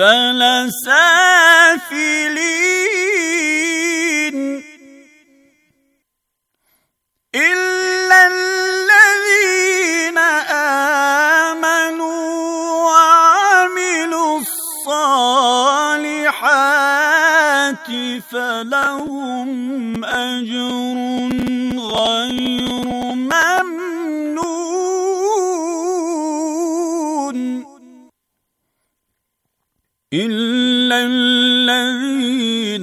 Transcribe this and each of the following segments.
أسفل سافلين إلا الذين آمنوا وعملوا الصالحات فلهم أجر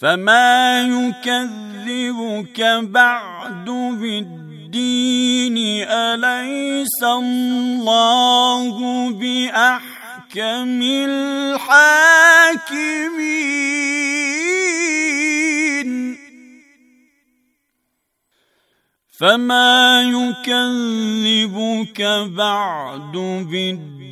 فما يكذبك بعد بالدين اليس الله باحكم الحاكمين فما يكذبك بعد بالدين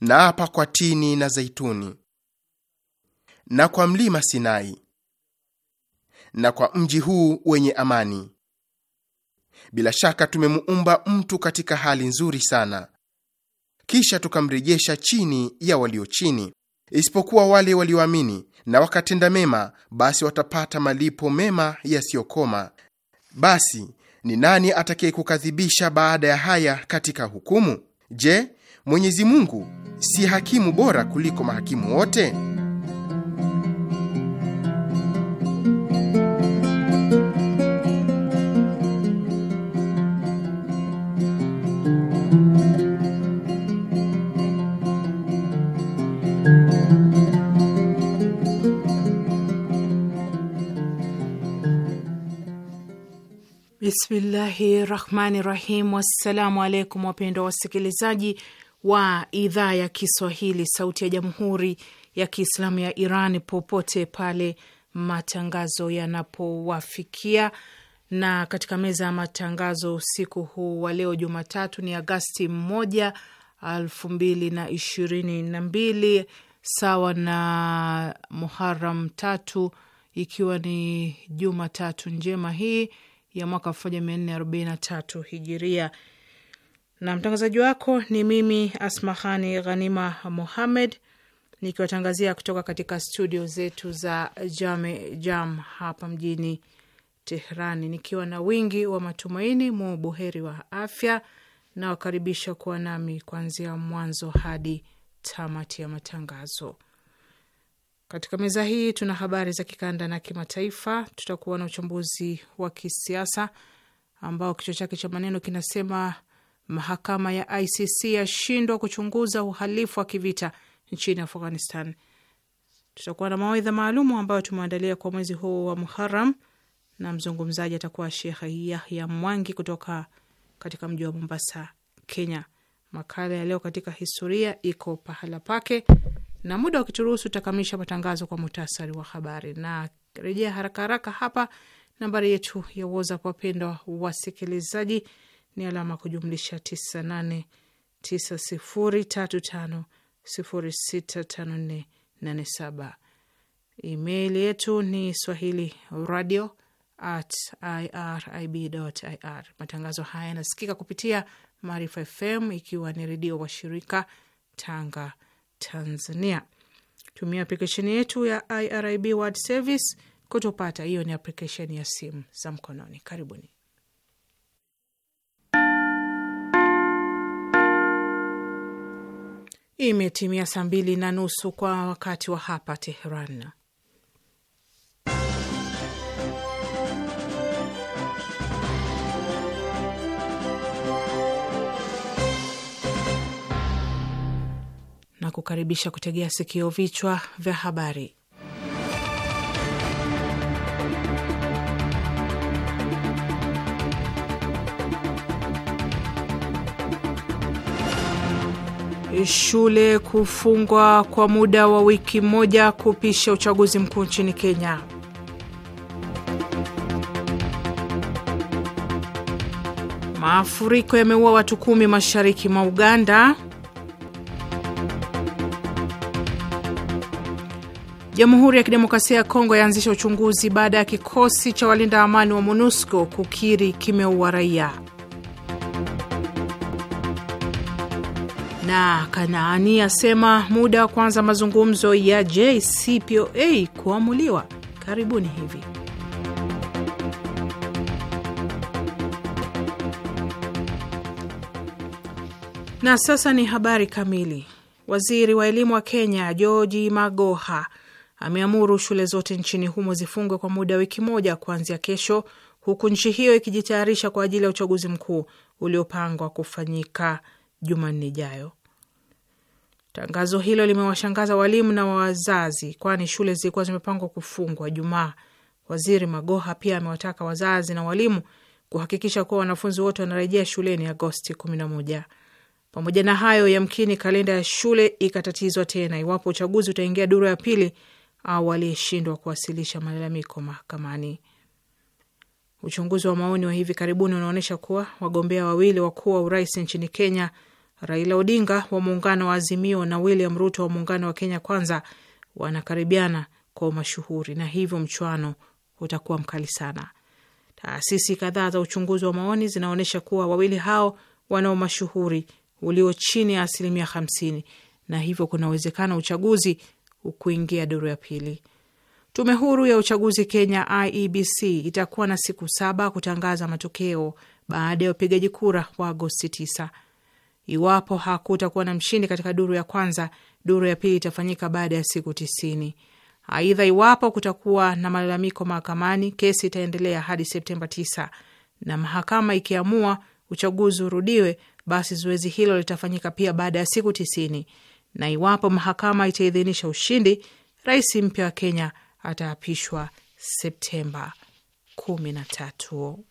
na apa kwa tini na zaituni na kwa mlima Sinai na kwa mji huu wenye amani. Bila shaka tumemuumba mtu katika hali nzuri sana, kisha tukamrejesha chini ya walio chini, isipokuwa wale walioamini na wakatenda mema, basi watapata malipo mema yasiyokoma. Basi ni nani atakayekukadhibisha baada ya haya katika hukumu? Je, Mwenyezi Mungu si hakimu bora kuliko mahakimu wote? Bismillahi rahmani rahim. Wassalamu alaikum wapendwa wasikilizaji wa idhaa ya Kiswahili sauti ya jamhuri ya Kiislamu ya Iran popote pale matangazo yanapowafikia. Na katika meza ya matangazo usiku huu wa leo Jumatatu ni Agasti moja elfu mbili na ishirini na mbili sawa na Muharam tatu ikiwa ni Jumatatu njema hii ya mwaka elfu moja mia nne arobaini na tatu hijiria na mtangazaji wako ni mimi Asmahani Ghanima muhamed nikiwatangazia kutoka katika studio zetu za Jame Jam hapa mjini Teherani, nikiwa na wingi wa matumaini mu buheri wa afya, na wakaribisha kuwa nami kuanzia mwanzo hadi tamati ya matangazo. Katika meza hii tuna habari za kikanda na kimataifa, tutakuwa na uchambuzi wa kisiasa ambao kichwa chake cha maneno kinasema mahakama ya ICC yashindwa kuchunguza uhalifu wa kivita nchini Afghanistan. Tutakuwa na mawaidha maalumu ambayo tumeandalia kwa mwezi huu wa Muharam na mzungumzaji atakuwa Shekh Yahya Mwangi kutoka katika mji wa Mombasa, Kenya. Makala ya leo katika historia iko pahala pake, na muda ukituruhusu utakamilisha matangazo kwa muhtasari wa habari. Na rejea haraka haraka hapa nambari yetu ya WhatsApp, wapendwa wasikilizaji ni alama kujumlisha 989035065487. Email yetu ni swahili radio at irib ir. Matangazo haya yanasikika kupitia Maarifa FM ikiwa ni redio wa shirika Tanga, Tanzania. Tumia aplikesheni yetu ya IRIB World Service kutupata. Hiyo ni aplikesheni ya simu za mkononi. Karibuni. Imetimia saa mbili na nusu kwa wakati wa hapa Tehran. Na kukaribisha kutegea sikio vichwa vya habari. shule kufungwa kwa muda wa wiki moja kupisha uchaguzi mkuu nchini Kenya. mafuriko yameua watu kumi mashariki mwa Uganda. Jamhuri ya Kidemokrasia ya Kongo yaanzisha uchunguzi baada ya kikosi cha walinda amani wa MONUSCO kukiri kimeua raia. na Kanaani asema muda wa kuanza mazungumzo ya JCPOA kuamuliwa karibuni hivi. Na sasa ni habari kamili. Waziri wa elimu wa Kenya George Magoha ameamuru shule zote nchini humo zifungwe kwa muda wiki moja kuanzia kesho, huku nchi hiyo ikijitayarisha kwa ajili ya uchaguzi mkuu uliopangwa kufanyika Jumanne ijayo. Tangazo hilo limewashangaza walimu na wazazi, kwani shule zilikuwa zimepangwa kufungwa Jumaa. Waziri Magoha pia amewataka wazazi na walimu kuhakikisha kuwa wanafunzi wote wanarejea shuleni Agosti 11. Pamoja na hayo, yamkini kalenda ya shule ikatatizwa tena iwapo uchaguzi utaingia duru ya pili au aliyeshindwa kuwasilisha malalamiko mahakamani. Uchunguzi wa maoni wa hivi karibuni unaonyesha kuwa wagombea wawili wakuu wa urais nchini Kenya Raila Odinga wa muungano wa Azimio na William Ruto wa muungano wa Kenya Kwanza wanakaribiana kwa umashuhuri na hivyo mchuano utakuwa mkali sana. Taasisi kadhaa za uchunguzi wa maoni zinaonyesha kuwa wawili hao wana umashuhuri ulio chini ya asilimia hamsini na hivyo kuna uwezekano uchaguzi ukuingia duru ya pili. Tume huru ya uchaguzi Kenya IEBC itakuwa na siku saba kutangaza matokeo baada ya upigaji kura wa Agosti 9. Iwapo hakutakuwa na mshindi katika duru ya kwanza, duru ya pili itafanyika baada ya siku tisini. Aidha, iwapo kutakuwa na malalamiko mahakamani, kesi itaendelea hadi Septemba tisa na mahakama ikiamua uchaguzi urudiwe, basi zoezi hilo litafanyika pia baada ya siku tisini. Na iwapo mahakama itaidhinisha ushindi, rais mpya wa Kenya ataapishwa Septemba kumi na tatu.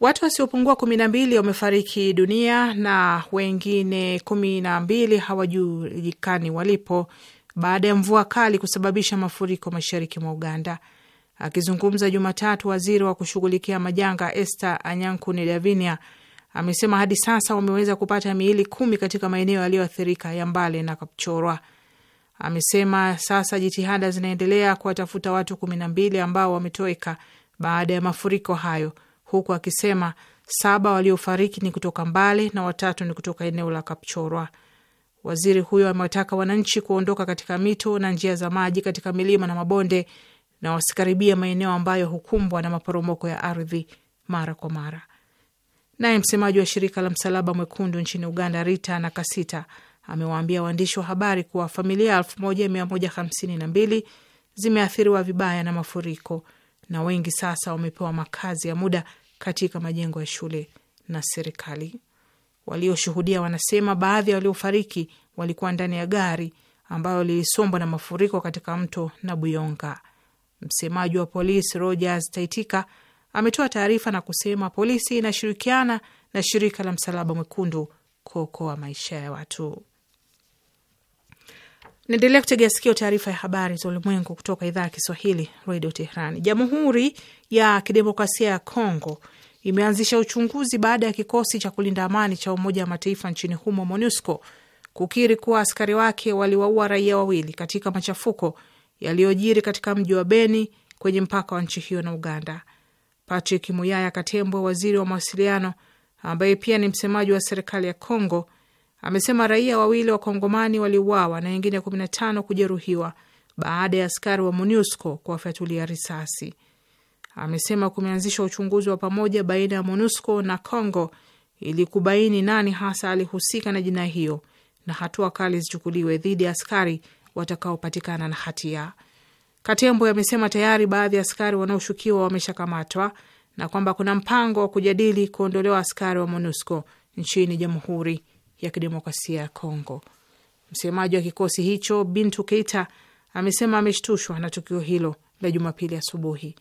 Watu wasiopungua kumi na mbili wamefariki dunia na wengine kumi na mbili hawajulikani walipo baada ya mvua kali kusababisha mafuriko mashariki mwa Uganda. Akizungumza Jumatatu, waziri wa kushughulikia majanga Esther Anyankune Davinia amesema hadi sasa wameweza kupata miili kumi katika maeneo yaliyoathirika ya Mbale na Kapchorwa. Amesema sasa jitihada zinaendelea kuwatafuta watu kumi na mbili ambao wametoweka baada ya mafuriko hayo huku akisema saba waliofariki ni kutoka Mbale na watatu ni kutoka eneo la Kapchorwa. Waziri huyo amewataka wananchi kuondoka katika mito na njia za maji katika milima na mabonde na wasikaribia maeneo ambayo hukumbwa na maporomoko ya ardhi mara kwa mara. Naye msemaji wa shirika la Msalaba Mwekundu nchini Uganda, Rita Nakasita, amewaambia waandishi wa habari kuwa familia 1152 zimeathiriwa vibaya na mafuriko na wengi sasa wamepewa makazi ya muda katika majengo ya shule na serikali. Walioshuhudia wanasema baadhi ya waliofariki walikuwa ndani ya gari ambayo lilisombwa na mafuriko katika mto na buyonga Msemaji wa polisi Rogers Taitika ametoa taarifa na kusema polisi inashirikiana na shirika la Msalaba Mwekundu kuokoa maisha ya watu. Naendelea kutegea sikio taarifa ya habari za ulimwengu kutoka idhaa ya Kiswahili redio Tehrani. Jamhuri ya Kidemokrasia ya Kongo imeanzisha uchunguzi baada ya kikosi cha kulinda amani cha Umoja wa Mataifa nchini humo MONUSCO kukiri kuwa askari wake waliwaua raia wawili katika machafuko yaliyojiri katika mji wa Beni kwenye mpaka wa nchi hiyo na Uganda. Patrick Muyaya Katembwe, waziri wa mawasiliano ambaye pia ni msemaji wa serikali ya Kongo, amesema raia wawili wa Kongomani waliuawa na wengine 15 kujeruhiwa baada ya askari wa MONUSCO kuwafyatulia risasi. Amesema kumeanzishwa uchunguzi wa pamoja baina ya MONUSCO na Congo ili kubaini nani hasa alihusika na jinai hiyo na hatua kali zichukuliwe dhidi ya askari watakaopatikana na hatia. Katembo amesema tayari baadhi ya askari wanaoshukiwa wameshakamatwa na kwamba kuna mpango wa kujadili kuondolewa askari wa MONUSCO nchini jamhuri ya Kidemokrasia ya Kongo. Msemaji wa kikosi hicho Bintu Keita amesema ameshtushwa na tukio hilo la Jumapili asubuhi.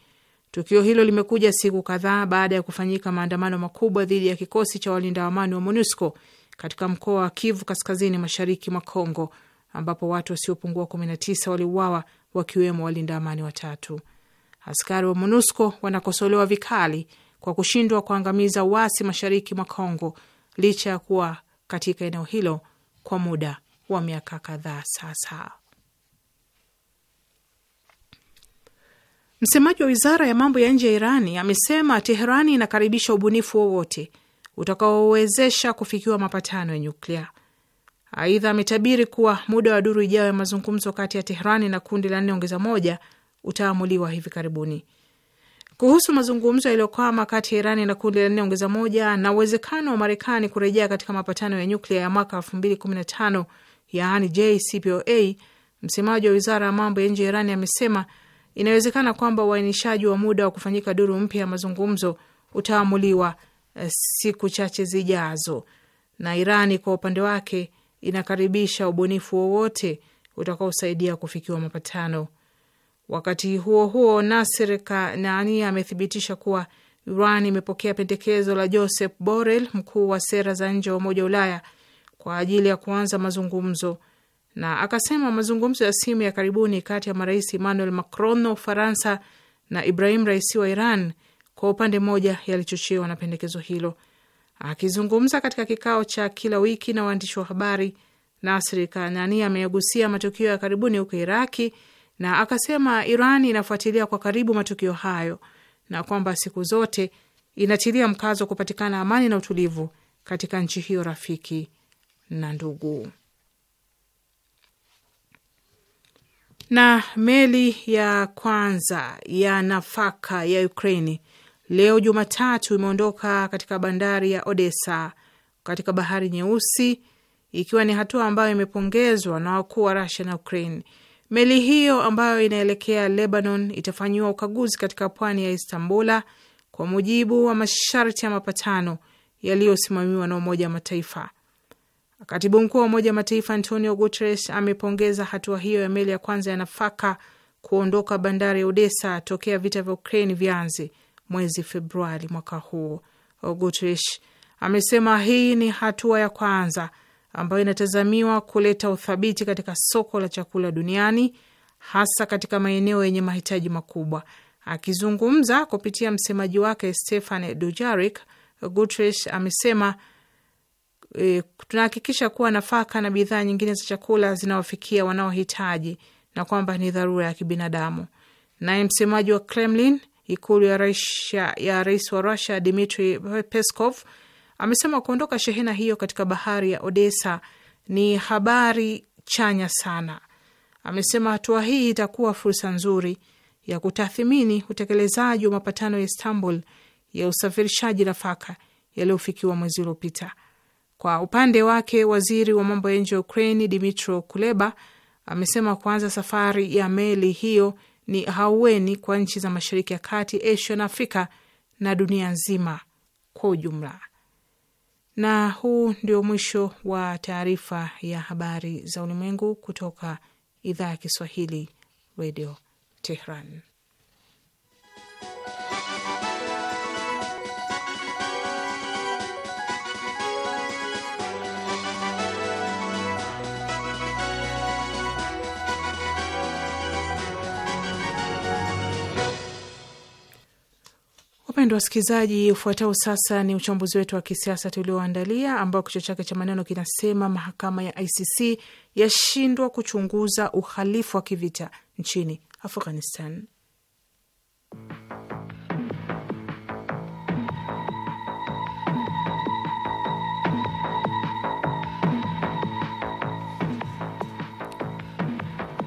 Tukio hilo limekuja siku kadhaa baada ya kufanyika maandamano makubwa dhidi ya kikosi cha walinda amani wa MONUSCO katika mkoa wa Kivu kaskazini mashariki mwa Kongo, ambapo watu wasiopungua 19 waliuawa wakiwemo walinda amani watatu. Askari wa MONUSCO wanakosolewa vikali kwa kushindwa kuangamiza uasi mashariki mwa Kongo licha ya kuwa katika eneo hilo kwa muda wa miaka kadhaa sasa. Msemaji wa wizara ya mambo ya nje ya Irani amesema Teherani inakaribisha ubunifu wowote utakaowezesha kufikiwa mapatano ya nyuklia. Aidha, ametabiri kuwa muda wa duru ijayo ya mazungumzo kati ya Teherani na kundi la nne ongeza moja utaamuliwa hivi karibuni kuhusu mazungumzo yaliyokwama kati ya Irani na kundi la nne ongeza moja na uwezekano wa Marekani kurejea katika mapatano ya nyuklia ya mwaka elfu mbili kumi na tano yaani JCPOA. Msemaji wa wizara ya mambo ya nje ya Irani amesema inawezekana kwamba uainishaji wa muda wa kufanyika duru mpya ya mazungumzo utaamuliwa eh, siku chache zijazo. Na Irani kwa upande wake inakaribisha ubunifu wowote utakaosaidia kufikiwa mapatano Wakati huo huo, Nasir Kanani amethibitisha kuwa Iran imepokea pendekezo la Joseph Borrell, mkuu wa sera za nje wa Umoja wa Ulaya, kwa ajili ya kuanza mazungumzo, na akasema mazungumzo ya simu ya karibuni kati ya marais Emmanuel Macron wa Ufaransa na Ibrahim Raisi wa Iran kwa upande mmoja yalichochewa na pendekezo hilo. Akizungumza katika kikao cha kila wiki na waandishi wa habari, Nasri Kanani ameyagusia matukio ya karibuni huko Iraki na akasema Iran inafuatilia kwa karibu matukio hayo na kwamba siku zote inatilia mkazo wa kupatikana amani na utulivu katika nchi hiyo rafiki na ndugu. Na meli ya kwanza ya nafaka ya Ukraini leo Jumatatu imeondoka katika bandari ya Odessa katika bahari Nyeusi, ikiwa ni hatua ambayo imepongezwa na wakuu wa Rusia na Ukraini Meli hiyo ambayo inaelekea Lebanon itafanyiwa ukaguzi katika pwani ya Istambula kwa mujibu wa masharti ya mapatano yaliyosimamiwa na Umoja wa Mataifa. Katibu mkuu wa Umoja wa Mataifa Antonio Guterres amepongeza hatua hiyo ya meli ya kwanza ya nafaka kuondoka bandari ya Odessa tokea vita vya Ukraini vyanze mwezi Februari mwaka huu. Guterres amesema hii ni hatua ya kwanza ambayo inatazamiwa kuleta uthabiti katika soko la chakula duniani hasa katika maeneo yenye mahitaji makubwa. Akizungumza kupitia msemaji wake Stefan Dujarik, Guterres amesema e, tunahakikisha kuwa nafaka na bidhaa nyingine za chakula zinawafikia wanaohitaji na kwamba ni dharura ya kibinadamu. Naye msemaji wa Kremlin, ikulu ya rais ya rais wa Russia Dmitri Peskov amesema kuondoka shehena hiyo katika bahari ya Odessa ni habari chanya sana. Amesema hatua hii itakuwa fursa nzuri ya kutathimini utekelezaji wa mapatano ya Istanbul ya usafirishaji nafaka yaliyofikiwa mwezi uliopita. Kwa upande wake, waziri wa mambo ya nje ya Ukraini Dmytro Kuleba amesema kuanza safari ya meli hiyo ni haueni kwa nchi za Mashariki ya Kati, Asia na Afrika na dunia nzima kwa ujumla. Na huu ndio mwisho wa taarifa ya habari za ulimwengu kutoka idhaa ya Kiswahili, radio Tehran. Wapendwa wasikilizaji, ufuatao sasa ni uchambuzi wetu wa kisiasa tulioandalia, ambao kichwa chake cha maneno kinasema mahakama ya ICC yashindwa kuchunguza uhalifu wa kivita nchini Afghanistan.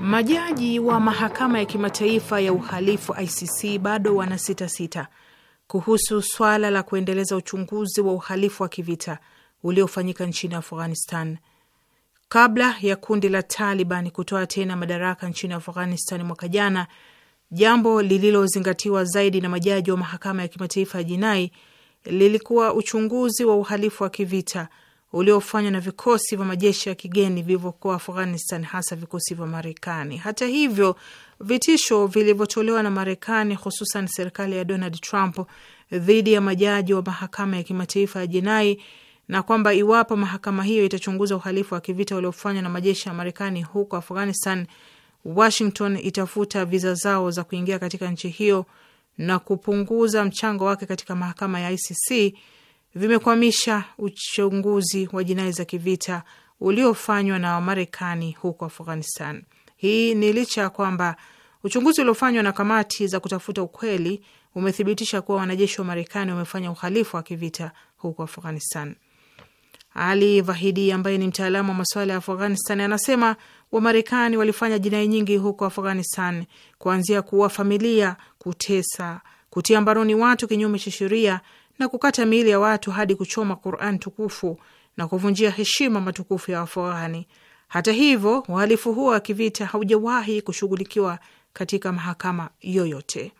Majaji wa mahakama ya kimataifa ya uhalifu ICC bado wana sita kuhusu swala la kuendeleza uchunguzi wa uhalifu wa kivita uliofanyika nchini Afghanistan kabla ya kundi la Taliban kutoa tena madaraka nchini Afghanistan mwaka jana, jambo lililozingatiwa zaidi na majaji wa mahakama ya kimataifa ya jinai lilikuwa uchunguzi wa uhalifu wa kivita uliofanywa na vikosi vya majeshi ya kigeni vilivyokuwa Afghanistan, hasa vikosi vya Marekani. Hata hivyo, vitisho vilivyotolewa na Marekani, hususan serikali ya Donald Trump dhidi ya majaji wa mahakama ya kimataifa ya jinai na kwamba iwapo mahakama hiyo itachunguza uhalifu wa kivita uliofanywa na majeshi ya Marekani huko Afghanistan, Washington itafuta viza zao za kuingia katika nchi hiyo na kupunguza mchango wake katika mahakama ya ICC vimekwamisha uchunguzi wa jinai za kivita uliofanywa na Wamarekani huko Afghanistan. Hii ni licha ya kwamba uchunguzi uliofanywa na kamati za kutafuta ukweli umethibitisha kuwa wanajeshi wa Marekani wamefanya uhalifu wa kivita huko Afghanistan. Ali Vahidi ambaye ni mtaalamu wa masuala ya Afghanistan anasema Wamarekani walifanya jinai nyingi huko Afghanistan, kuanzia kuua familia, kutesa, kutia mbaroni watu kinyume cha sheria na kukata miili ya watu hadi kuchoma Quran tukufu na kuvunjia heshima matukufu ya Waafghani hata hivyo, uhalifu huo wa kivita haujawahi kushughulikiwa katika mahakama yoyote.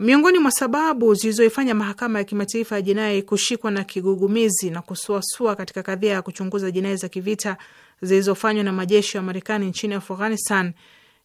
Miongoni mwa sababu zilizoifanya mahakama ya kimataifa ya jinai kushikwa na kigugumizi na kusuasua katika kadhia ya kuchunguza jinai za kivita zilizofanywa na majeshi ya Marekani nchini Afghanistan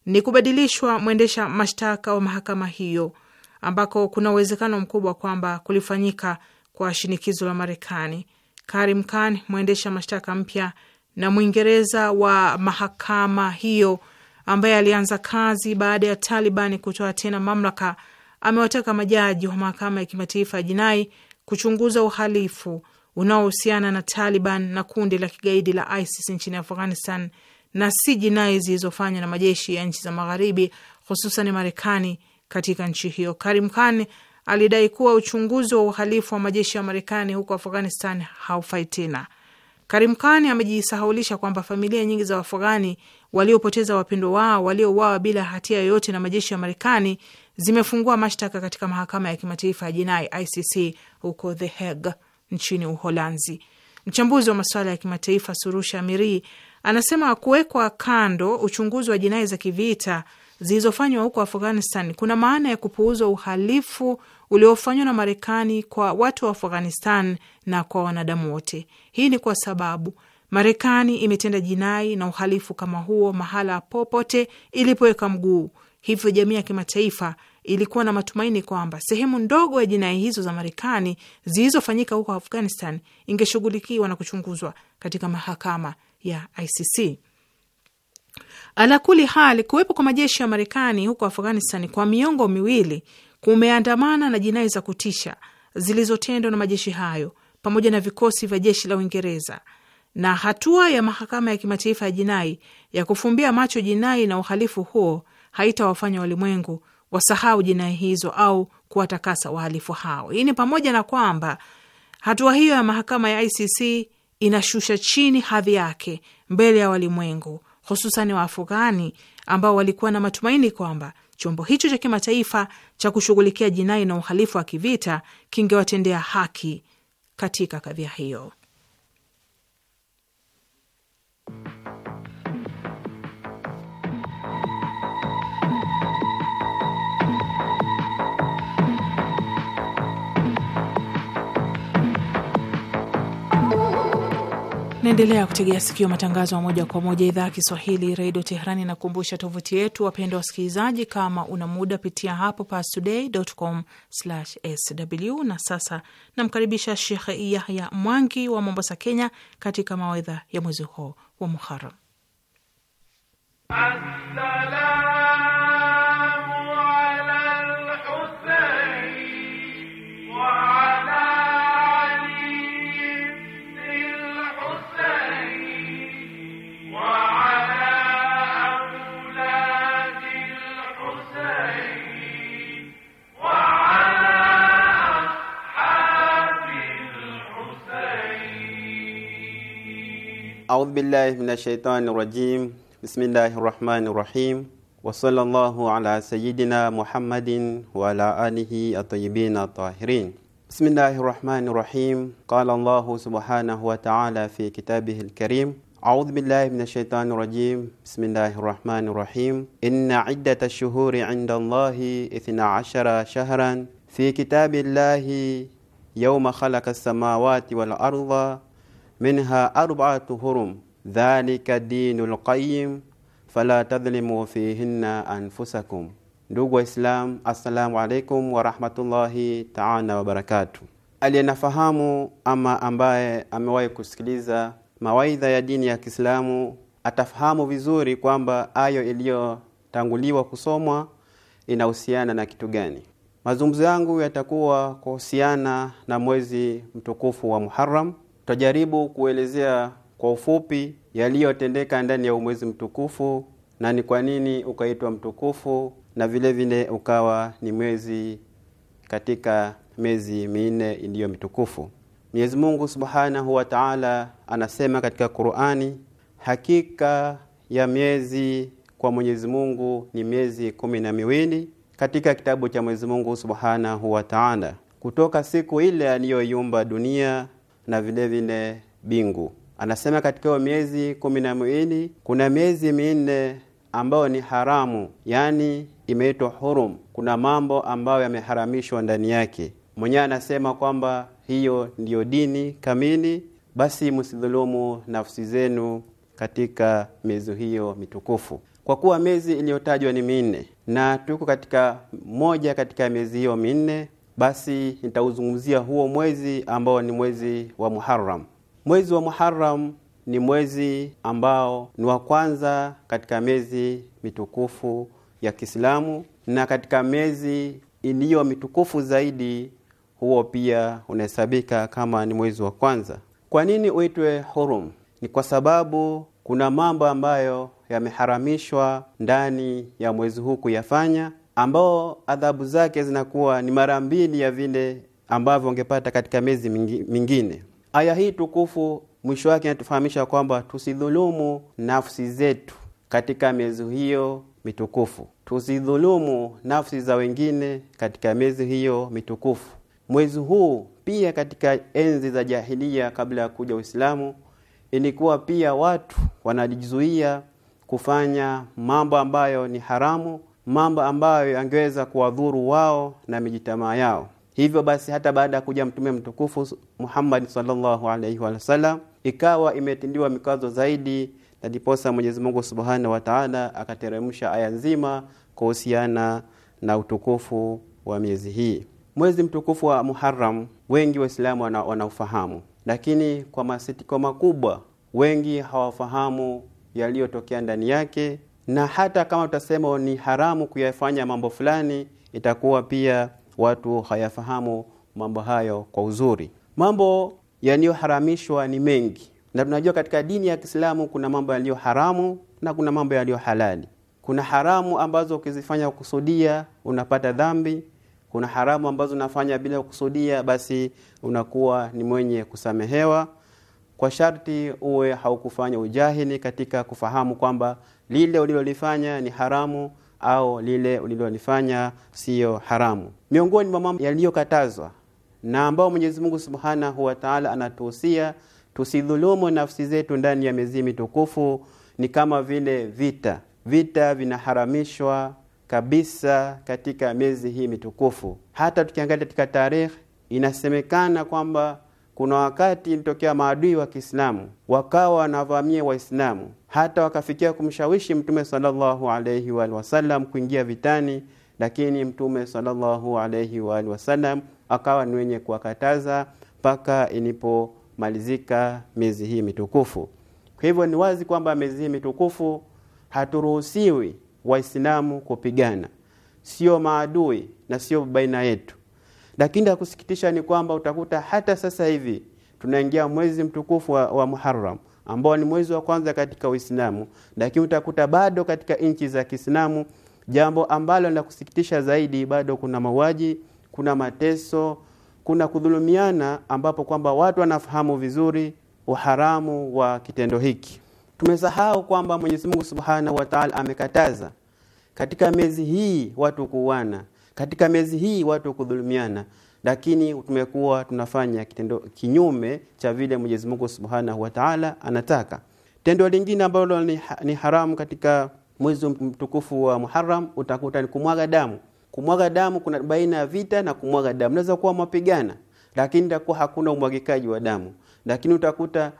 ni kubadilishwa mwendesha mashtaka wa mahakama hiyo, ambako kuna uwezekano mkubwa kwamba kulifanyika kwa shinikizo la Marekani. Karim Khan, mwendesha mashtaka mpya na Mwingereza wa mahakama hiyo ambaye alianza kazi baada ya Taliban kutoa tena mamlaka, amewataka majaji wa mahakama ya kimataifa ya jinai kuchunguza uhalifu unaohusiana na Taliban na kundi la kigaidi la ISIS nchini Afghanistan na si jinai zilizofanywa na majeshi ya nchi za magharibi hususan Marekani katika nchi hiyo. Karim Khan alidai kuwa uchunguzi wa uhalifu wa majeshi ya Marekani huko Afghanistan haufai tena. Karim Khan amejisahaulisha kwamba familia nyingi za wafghani waliopoteza wapendo wao waliouawa bila hatia yoyote na majeshi ya Marekani zimefungua mashtaka katika mahakama ya kimataifa ya jinai ICC huko The Hague nchini Uholanzi. Mchambuzi wa masuala ya kimataifa Surusha Miri anasema kuwekwa kando uchunguzi wa jinai za kivita zilizofanywa huko Afghanistan kuna maana ya kupuuzwa uhalifu uliofanywa na Marekani kwa watu wa Afghanistan na kwa wanadamu wote. Hii ni kwa sababu Marekani imetenda jinai na uhalifu kama huo mahala popote ilipoweka mguu. Hivyo jamii ya kimataifa ilikuwa na matumaini kwamba sehemu ndogo ya jinai hizo za Marekani zilizofanyika huko Afghanistan ingeshughulikiwa na kuchunguzwa katika mahakama ya ICC. Alakuli hali, kuwepo kwa majeshi ya Marekani huko Afghanistan kwa miongo miwili kumeandamana na jinai za kutisha zilizotendwa na majeshi hayo pamoja na vikosi vya jeshi la Uingereza, na hatua ya mahakama ya kimataifa ya jinai ya kufumbia macho jinai na uhalifu huo haitawafanya walimwengu wasahau jinai hizo au kuwatakasa wahalifu hao. Hii ni pamoja na kwamba hatua hiyo ya mahakama ya ICC inashusha chini hadhi yake mbele ya walimwengu, hususan Waafghani ambao walikuwa na matumaini kwamba chombo hicho cha kimataifa cha kushughulikia jinai na uhalifu wa kivita kingewatendea haki katika kadhia hiyo. Naendelea kutegea sikio matangazo ya moja kwa moja idhaa ya Kiswahili redio Teherani. Inakumbusha tovuti yetu, wapendwa wasikilizaji, kama una muda pitia hapo pastoday.com/sw. Na sasa namkaribisha Shekh Yahya Mwangi wa Mombasa, Kenya, katika mawaidha ya mwezi huo wa Muharam. أعوذ بالله من الشيطان الرجيم بسم الله الرحمن الرحيم وصلى الله على سيدنا محمد وعلى آله الطيبين الطاهرين بسم الله الرحمن الرحيم قال الله سبحانه وتعالى في كتابه الكريم أعوذ بالله من الشيطان الرجيم بسم الله الرحمن الرحيم إن عدة الشهور عند الله إثنا عشر شهرا في كتاب الله يوم خلق السماوات والأرض minha arba'atu hurum dhalika dinul qayyim fala tadhlimu fihinna anfusakum. Ndugu Waislamu, assalamu alaikum warahmatullahi taala wabarakatu. Aliyenafahamu ama ambaye amewahi kusikiliza mawaidha ya dini ya Kiislamu atafahamu vizuri kwamba ayo iliyotanguliwa kusomwa inahusiana na kitu gani. Mazungumzo yangu yatakuwa kuhusiana na mwezi mtukufu wa Muharram tutajaribu kuelezea kwa ufupi yaliyotendeka ndani ya umwezi mtukufu na ni kwa nini ukaitwa mtukufu na vile vile ukawa ni mwezi katika miezi minne iliyo mitukufu. Mwenyezi Mungu Subhanahu wa Ta'ala anasema katika Qur'ani, hakika ya miezi kwa Mwenyezi Mungu ni miezi kumi na miwili katika kitabu cha Mwenyezi Mungu Subhanahu wa Ta'ala, kutoka siku ile aliyoiumba dunia na vile vile bingu. Anasema katika hiyo miezi kumi na miwili kuna miezi minne ambayo ni haramu, yaani imeitwa hurum. Kuna mambo ambayo yameharamishwa ndani yake. Mwenyewe anasema kwamba hiyo ndiyo dini kamili, basi msidhulumu nafsi zenu katika miezi hiyo mitukufu, kwa kuwa miezi iliyotajwa ni minne na tuko katika moja katika miezi hiyo minne basi nitauzungumzia huo mwezi ambao ni mwezi wa Muharram. Mwezi wa Muharram ni mwezi ambao ni wa kwanza katika miezi mitukufu ya Kiislamu, na katika miezi iliyo mitukufu zaidi, huo pia unahesabika kama ni mwezi wa kwanza. Kwa nini uitwe hurum? Ni kwa sababu kuna mambo ambayo yameharamishwa ndani ya mwezi huu kuyafanya ambao adhabu zake zinakuwa ni mara mbili ya vile ambavyo ungepata katika miezi mingine. Aya hii tukufu mwisho wake inatufahamisha kwamba tusidhulumu nafsi zetu katika miezi hiyo mitukufu, tusidhulumu nafsi za wengine katika miezi hiyo mitukufu. Mwezi huu pia, katika enzi za jahilia, kabla ya kuja Uislamu, ilikuwa pia watu wanajizuia kufanya mambo ambayo ni haramu mambo ambayo yangeweza kuwadhuru wao na mijitamaa yao. Hivyo basi hata baada ya kuja mtume mtukufu Muhammad sallallahu alaihi wasallam ikawa imetindiwa mikazo zaidi, na diposa Mwenyezi Mungu subhanahu wa taala akateremsha aya nzima kuhusiana na utukufu wa miezi hii. Mwezi mtukufu wa Muharram wengi Waislamu wanaufahamu, wana lakini kwa masitiko makubwa wengi hawafahamu yaliyotokea ndani yake na hata kama tutasema ni haramu kuyafanya mambo fulani, itakuwa pia watu hayafahamu mambo hayo kwa uzuri. Mambo yaliyoharamishwa ni mengi, na tunajua katika dini ya Kiislamu kuna mambo yaliyo haramu na kuna mambo yaliyo halali. Kuna haramu ambazo ukizifanya kusudia unapata dhambi, kuna haramu ambazo unafanya bila kusudia, basi unakuwa ni mwenye kusamehewa, kwa sharti uwe haukufanya ujahili katika kufahamu kwamba lile ulilolifanya ni haramu au lile ulilolifanya siyo haramu. Miongoni mwa mambo yaliyokatazwa na ambao Mwenyezi Mungu Subhanahu wa Ta'ala anatuhusia tusidhulumu nafsi zetu ndani ya miezi mitukufu ni kama vile vita. Vita vinaharamishwa kabisa katika miezi hii mitukufu. Hata tukiangalia katika tarehe, inasemekana kwamba kuna wakati ilitokea maadui wa Kiislamu wakawa wanavamia Waislamu hata wakafikia kumshawishi Mtume sallallahu alaihi wa sallam kuingia vitani, lakini Mtume sallallahu alaihi wa sallam akawa ni wenye kuwakataza mpaka inipomalizika miezi hii mitukufu. Kwa hivyo ni wazi kwamba miezi hii mitukufu haturuhusiwi Waislamu kupigana, sio maadui na sio baina yetu. Lakini la kusikitisha ni kwamba utakuta hata sasa hivi tunaingia mwezi mtukufu wa, wa Muharram ambao ni mwezi wa kwanza katika Uislamu, lakini utakuta bado katika nchi za Kiislamu, jambo ambalo la kusikitisha zaidi, bado kuna mauaji, kuna mateso, kuna kudhulumiana, ambapo kwamba watu wanafahamu vizuri uharamu wa kitendo hiki. Tumesahau kwamba Mwenyezi Mungu Subhanahu wa Ta'ala amekataza katika miezi hii watu kuuana, katika miezi hii watu kudhulumiana lakini tumekuwa tunafanya kitendo kinyume cha vile Mwenyezi Mungu Subhanahu wa Ta'ala anataka. Tendo lingine ambalo ni, ni haramu katika mwezi mtukufu wa Muharram utakuta ni kumwaga damu. Kumwaga damu kuna baina ya vita na kumwaga damu, naweza kuwa mapigana, lakini itakuwa hakuna umwagikaji wa damu, lakini utakuta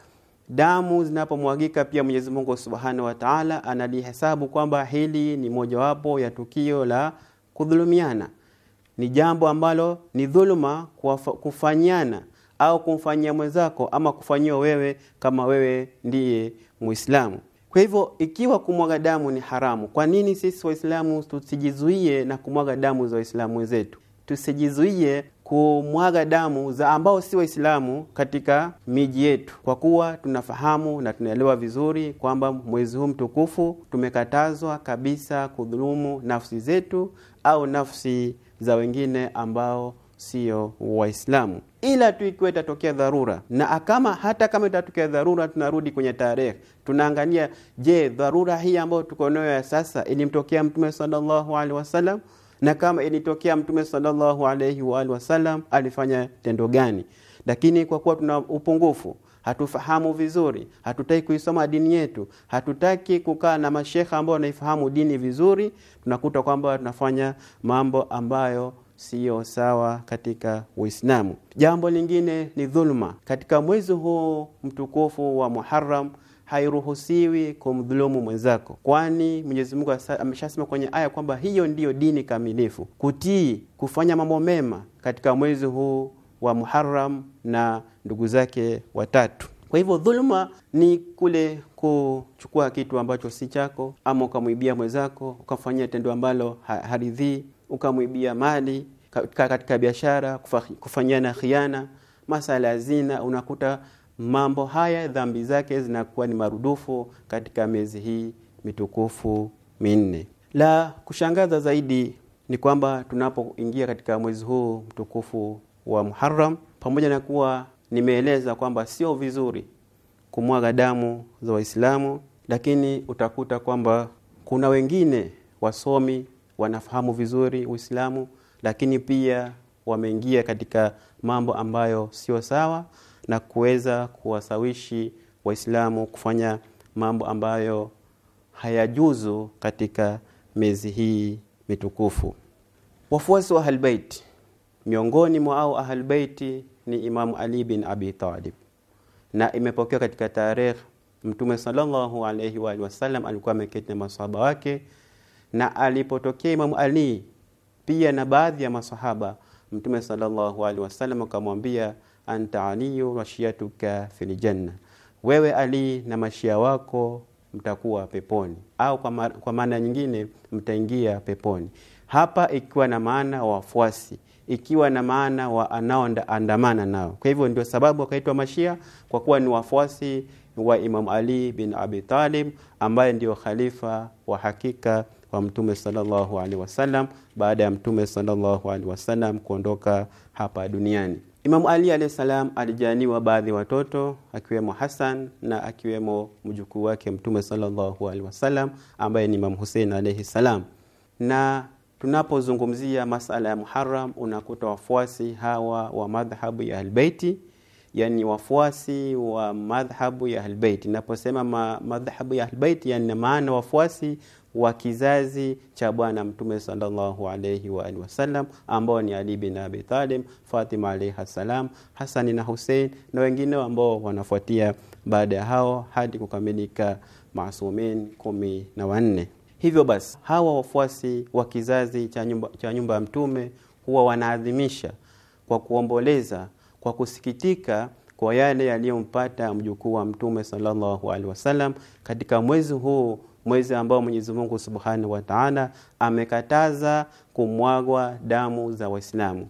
damu zinapomwagika pia Mwenyezi Mungu Subhanahu wa Ta'ala analihesabu kwamba hili ni mojawapo ya tukio la kudhulumiana ni jambo ambalo ni dhuluma kufanyana au kumfanyia mwenzako ama kufanyiwa wewe kama wewe ndiye Muislamu. Kwa hivyo ikiwa kumwaga damu ni haramu, kwa nini sisi Waislamu tusijizuie na kumwaga damu za Waislamu wenzetu? Tusijizuie kumwaga damu za ambao si Waislamu katika miji yetu, kwa kuwa tunafahamu na tunaelewa vizuri kwamba mwezi huu mtukufu tumekatazwa kabisa kudhulumu nafsi zetu au nafsi za wengine ambao sio Waislamu, ila tu ikiwa itatokea dharura, na akama hata kama itatokea dharura, tunarudi kwenye tarehe, tunaangalia, je, dharura hii ambayo tuko nayo ya sasa ilimtokea Mtume sallallahu alaihi wasallam? Na kama ilitokea Mtume sallallahu alaihi wa alihi wasallam, alifanya tendo gani? Lakini kwa kuwa tuna upungufu hatufahamu vizuri, hatutaki kuisoma dini yetu, hatutaki kukaa na mashekha ambao wanaifahamu dini vizuri, tunakuta kwamba tunafanya mambo ambayo siyo sawa katika Uislamu. Jambo lingine ni dhuluma. Katika mwezi huu mtukufu wa Muharram hairuhusiwi kumdhulumu mwenzako, kwani Mwenyezi Mungu ameshasema kwenye aya kwamba hiyo ndiyo dini kamilifu, kutii, kufanya mambo mema katika mwezi huu wa Muharram na ndugu zake watatu. Kwa hivyo dhuluma ni kule kuchukua kitu ambacho si chako, ama ukamwibia mwenzako, ukamfanyia tendo ambalo haridhii, ukamwibia mali katika biashara, na khiana, masala ya zina. Unakuta mambo haya, dhambi zake zinakuwa ni marudufu katika miezi hii mitukufu minne. La kushangaza zaidi ni kwamba tunapoingia katika mwezi huu mtukufu wa Muharram, pamoja na kuwa nimeeleza kwamba sio vizuri kumwaga damu za Waislamu, lakini utakuta kwamba kuna wengine wasomi wanafahamu vizuri Uislamu, lakini pia wameingia katika mambo ambayo sio sawa na kuweza kuwasawishi Waislamu kufanya mambo ambayo hayajuzu katika miezi hii mitukufu. Wafuasi wa Ahlulbayt miongoni mwa au ahlbeiti ni imamu Ali bin Abi Talib na imepokewa katika tarehe Mtume sallallahu alayhi wa sallam alikuwa ameketi na masahaba wake, na alipotokea imamu Ali pia na baadhi ya masahaba Mtume sallallahu alayhi sallam akamwambia, anta aliyu wa shiatuka fil janna, wewe Ali na mashia wako mtakuwa peponi, au kwa maana nyingine mtaingia peponi. Hapa ikiwa na maana wafuasi ikiwa na maana wa anaoandamana nao. Kwa hivyo ndio sababu wakaitwa Mashia, kwa kuwa ni wafuasi wa Imam Ali bin Abi Talib ambaye ndio khalifa wa hakika wa Mtume sallallahu alaihi wasallam baada ya Mtume sallallahu alaihi wasallam kuondoka hapa duniani. Imam Ali alayhi salam alijaniwa baadhi watoto akiwemo Hassan na akiwemo mjukuu wake Mtume sallallahu alaihi wasallam ambaye ni Imam Hussein alayhi salam na tunapozungumzia masala ya muharam unakuta wafuasi hawa wa madhhabu ya Ahlbeiti, yani wafuasi wa madhhabu ya Ahlbeiti. Naposema ma, madhhabu ya Ahlbeiti, yani maana wafuasi wa kizazi cha Bwana Mtume sallallahu alayhi wa alihi wasallam ambao ni Ali bin Abi Talib, Fatima alayha salam, Hasani na Hussein na wengine ambao wanafuatia baada ya hao hadi kukamilika masumin kumi na wanne. Hivyo basi hawa wafuasi wa kizazi cha nyumba, cha nyumba ya Mtume huwa wanaadhimisha kwa kuomboleza, kwa kusikitika kwa yale yaliyompata mjukuu wa Mtume sallallahu alaihi wasallam katika mwezi huu, mwezi ambao Mwenyezi Mungu Subhanahu wa Ta'ala amekataza kumwagwa damu za Waislamu,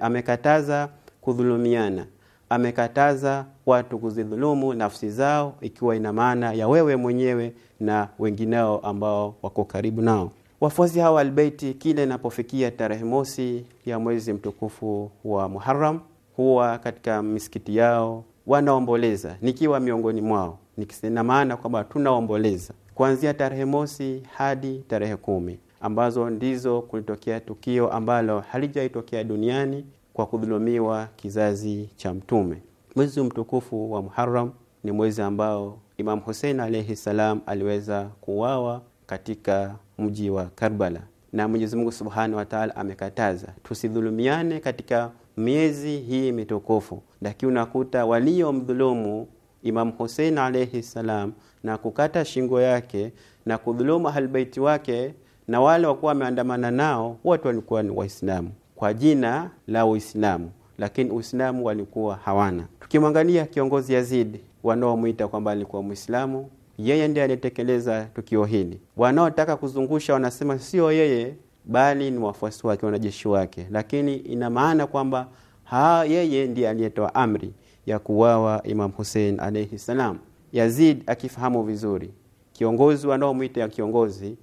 amekataza kudhulumiana, amekataza watu kuzidhulumu nafsi zao, ikiwa ina maana ya wewe mwenyewe na wengineo ambao wako karibu nao. Wafuasi hawa albeiti, kila inapofikia tarehe mosi ya mwezi mtukufu wa Muharram, huwa katika misikiti yao wanaomboleza, nikiwa miongoni mwao, na maana kwamba tunaomboleza kuanzia tarehe mosi hadi tarehe kumi ambazo ndizo kulitokea tukio ambalo halijaitokea duniani kwa kudhulumiwa kizazi cha Mtume. Mwezi mtukufu wa Muharram ni mwezi ambao Imam Hussein alayhi salam aliweza kuuawa katika mji wa Karbala, na Mwenyezi Mungu Subhanahu wa Ta'ala amekataza tusidhulumiane katika miezi hii mitukufu, lakini unakuta waliomdhulumu Imam Hussein alayhi salam na kukata shingo yake na kudhulumu ahlbeiti wake na wale wakuwa wameandamana nao, watu walikuwa ni Waislamu kwa jina la Uislamu, lakini Uislamu walikuwa hawana. Tukimwangalia kiongozi Yazid wanaomwita kwamba alikuwa Mwislamu, yeye ndiye aliyetekeleza tukio hili. Wanaotaka kuzungusha wanasema sio yeye, bali ni wafuasi wake, wanajeshi wake, lakini ina maana kwamba ha yeye ndiye aliyetoa amri ya kuwawa Imam Hussein alayhi salam. Yazid akifahamu vizuri kiongozi wanaomwita ya kiongozi,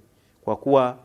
kwa kuwa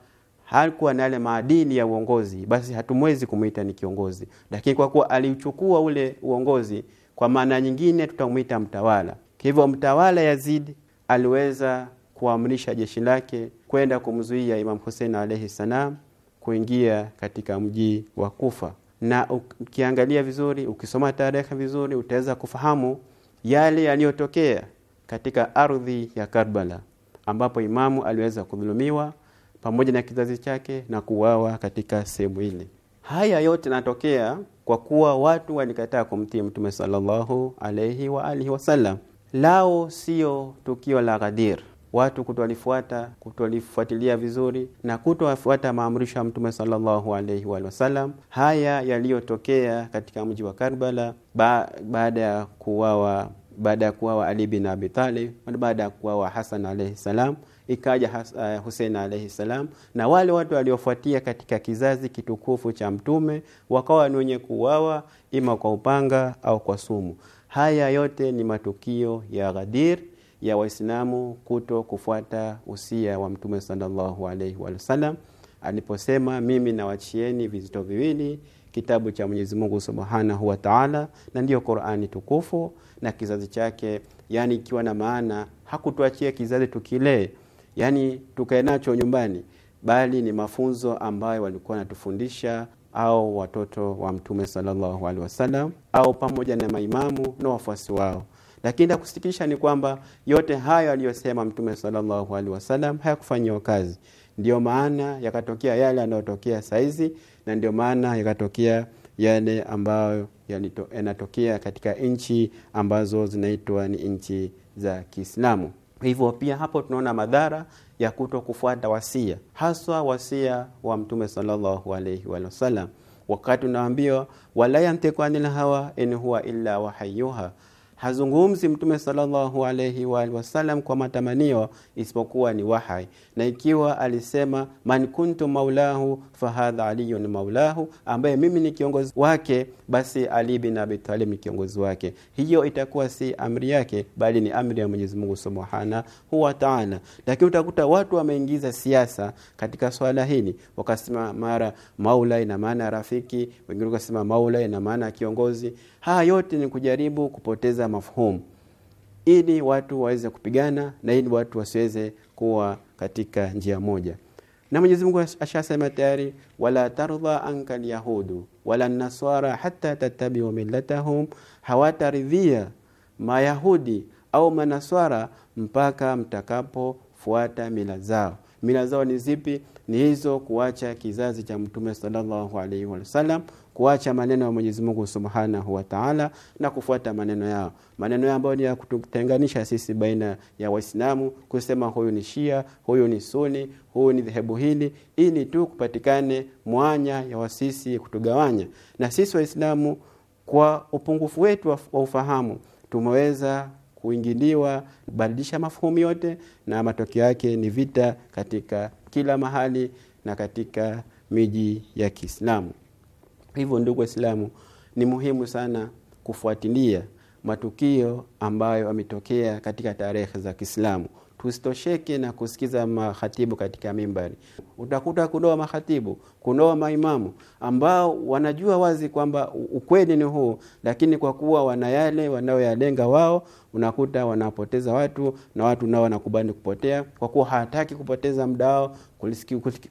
hakuwa na yale maadili ya uongozi, basi hatumwezi kumwita ni kiongozi, lakini kwa kuwa aliuchukua ule uongozi kwa maana nyingine tutamwita mtawala. hivyo mtawala Yazid aliweza kuamrisha jeshi lake kwenda kumzuia Imam Hussein alayhi salam kuingia katika mji wa Kufa, na ukiangalia vizuri, ukisoma tarehe vizuri, utaweza kufahamu yale yaliyotokea katika ardhi ya Karbala ambapo imamu aliweza kudhulumiwa pamoja na kizazi chake na kuuawa katika sehemu ile. Haya yote natokea kwa kuwa watu walikataa kumtii Mtume sallallahu alaihi wa alihi wasallam. Lao sio tukio la Ghadir, watu kutolifuata, kutolifuatilia vizuri na kutowafuata maamrisho ya Mtume sallallahu alaihi wa wasallam. Haya yaliyotokea katika mji wa Karbala ba baada ya kuwawa baada ya kuwawa Ali bin Abi Talib, baada ya kuwawa Hasan alaihi salam ikaja uh, Hussein alayhi salam na wale watu waliofuatia katika kizazi kitukufu cha mtume wakawa ni wenye kuuawa ima kwa upanga au kwa sumu. Haya yote ni matukio ya Ghadir ya Waislamu kuto kufuata usia wa mtume sallallahu alayhi wasallam aliposema, mimi nawachieni vizito viwili kitabu cha Mwenyezi Mungu Subhanahu wa Ta'ala, na ndiyo Qur'ani tukufu na kizazi chake, yani ikiwa na maana hakutuachia kizazi tukilee, yaani tukae nacho nyumbani, bali ni mafunzo ambayo walikuwa wanatufundisha au watoto wa Mtume sallallahu alaihi wasallam au pamoja na maimamu na wafuasi wao. Lakini la kusikitisha ni kwamba yote hayo aliyosema Mtume sallallahu alaihi wasallam hayakufanyiwa kazi. Ndiyo maana yakatokea yale yanayotokea saizi, na ndiyo maana yakatokea yale ambayo yanatokea katika nchi ambazo zinaitwa ni nchi za Kiislamu. Hivyo pia hapo tunaona madhara ya kuto kufuata wasia, haswa wasia wa Mtume sallallahu alaihi sallam, wakati unaambiwa wala yantiku anil hawa in huwa illa wahayuha hazungumzi mtume sallallahu alayhi wa alihi wasallam kwa matamanio isipokuwa ni wahai na ikiwa alisema man kuntu maulahu fahadha aliyun maulahu ambaye mimi ni kiongozi wake basi ali bin abi talib ni kiongozi wake hiyo itakuwa si amri yake bali ni amri ya Mwenyezi Mungu subhanahu wa ta'ala lakini utakuta watu wameingiza siasa katika swala hili wakasema mara maula ina maana rafiki wengine wakasema maula ina maana kiongozi haya yote ni kujaribu kupoteza mafhum ili watu waweze kupigana na ili watu wasiweze kuwa katika njia moja na Mwenyezi Mungu ashasema tayari wala tardha anka alyahudu wala naswara hata tattabi'u millatahum hawataridhia mayahudi au manaswara mpaka mtakapofuata mila zao mila zao ni zipi ni hizo kuacha kizazi cha mtume sallallahu alaihi wasallam kuacha maneno ya Mwenyezi Mungu Subhanahu wa Ta'ala na kufuata maneno yao maneno yao ambayo ni ya kututenganisha sisi baina ya Waislamu kusema huyu ni Shia huyu ni Sunni huyu ni dhehebu hili ili tu kupatikane mwanya ya wasisi kutugawanya na sisi Waislamu kwa upungufu wetu wa ufahamu tumeweza kuingiliwa kubadilisha mafuhumu yote na matokeo yake ni vita katika kila mahali na katika miji ya Kiislamu Hivyo ndugu Waislamu, ni muhimu sana kufuatilia matukio ambayo yametokea katika tarehe za Kiislamu. Tusitosheke na kusikiza mahatibu katika mimbari. Utakuta kunoa mahatibu, kunoa maimamu ambao wanajua wazi kwamba ukweli ni huu, lakini kwa kuwa wana yale wanayoyalenga wao, unakuta wanapoteza watu na watu nao wanakubali kupotea, kwa kuwa hawataki kupoteza muda wao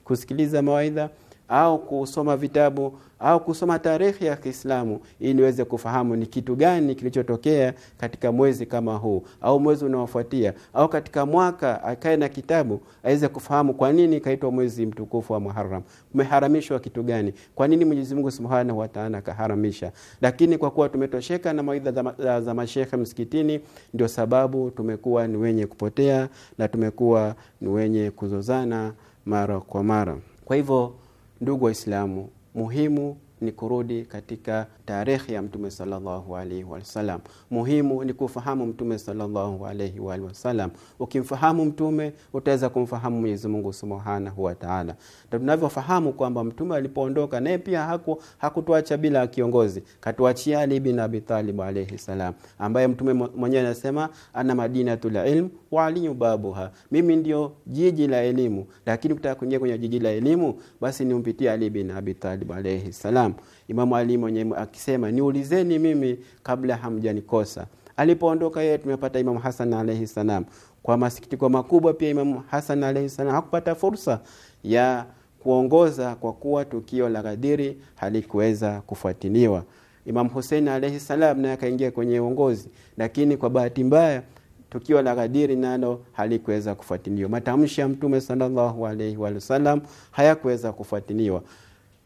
kusikiliza mawaidha au kusoma vitabu au kusoma tarehe ya Kiislamu ili niweze kufahamu ni kitu gani kilichotokea katika mwezi kama huu au mwezi unaofuatia au katika mwaka, akae na kitabu aweze kufahamu kwa nini kaitwa mwezi mtukufu wa Muharram, kumeharamishwa kitu gani, kwa nini Mwenyezi Mungu Subhanahu wa Ta'ala kaharamisha. Lakini kwa kuwa tumetosheka na mawaidha za, za mashehe msikitini, ndio sababu tumekuwa ni wenye kupotea na tumekuwa ni wenye kuzozana mara kwa mara. Kwa hivyo ndugu Waislamu, muhimu ni kurudi katika tarehe ya Mtume sallallahu alaihi wasallam. Muhimu ni kufahamu Mtume sallallahu alaihi wasallam. Ukimfahamu Mtume utaweza kumfahamu Mwenyezi Mungu subhanahu wa taala, na tunavyofahamu kwamba Mtume alipoondoka naye pia haku hakutuacha bila kiongozi, katuachia Ali bin Abi Talib alaihi salam, ambaye Mtume mwenyewe anasema ana madinatul ilm wa aliyu babuha, mimi ndio jiji la elimu, lakini ukitaka kuingia kwenye jiji la elimu basi niumpitie Ali bin Abi Talib alaihi salam. Uislamu, Imamu Ali mwenyewe akisema, niulizeni mimi kabla hamjanikosa. Alipoondoka yeye, tumepata Imamu Hasan alaihi salam. Kwa masikitiko makubwa, pia Imamu Hasan alaihi salam hakupata fursa ya kuongoza kwa kuwa tukio la Ghadiri halikuweza kufuatiliwa. Imam Hussein alaihi salam naye akaingia kwenye uongozi, lakini kwa bahati mbaya tukio la Ghadiri nalo halikuweza kufuatiliwa. Matamshi ya Mtume sallallahu alaihi wasallam hayakuweza kufuatiliwa.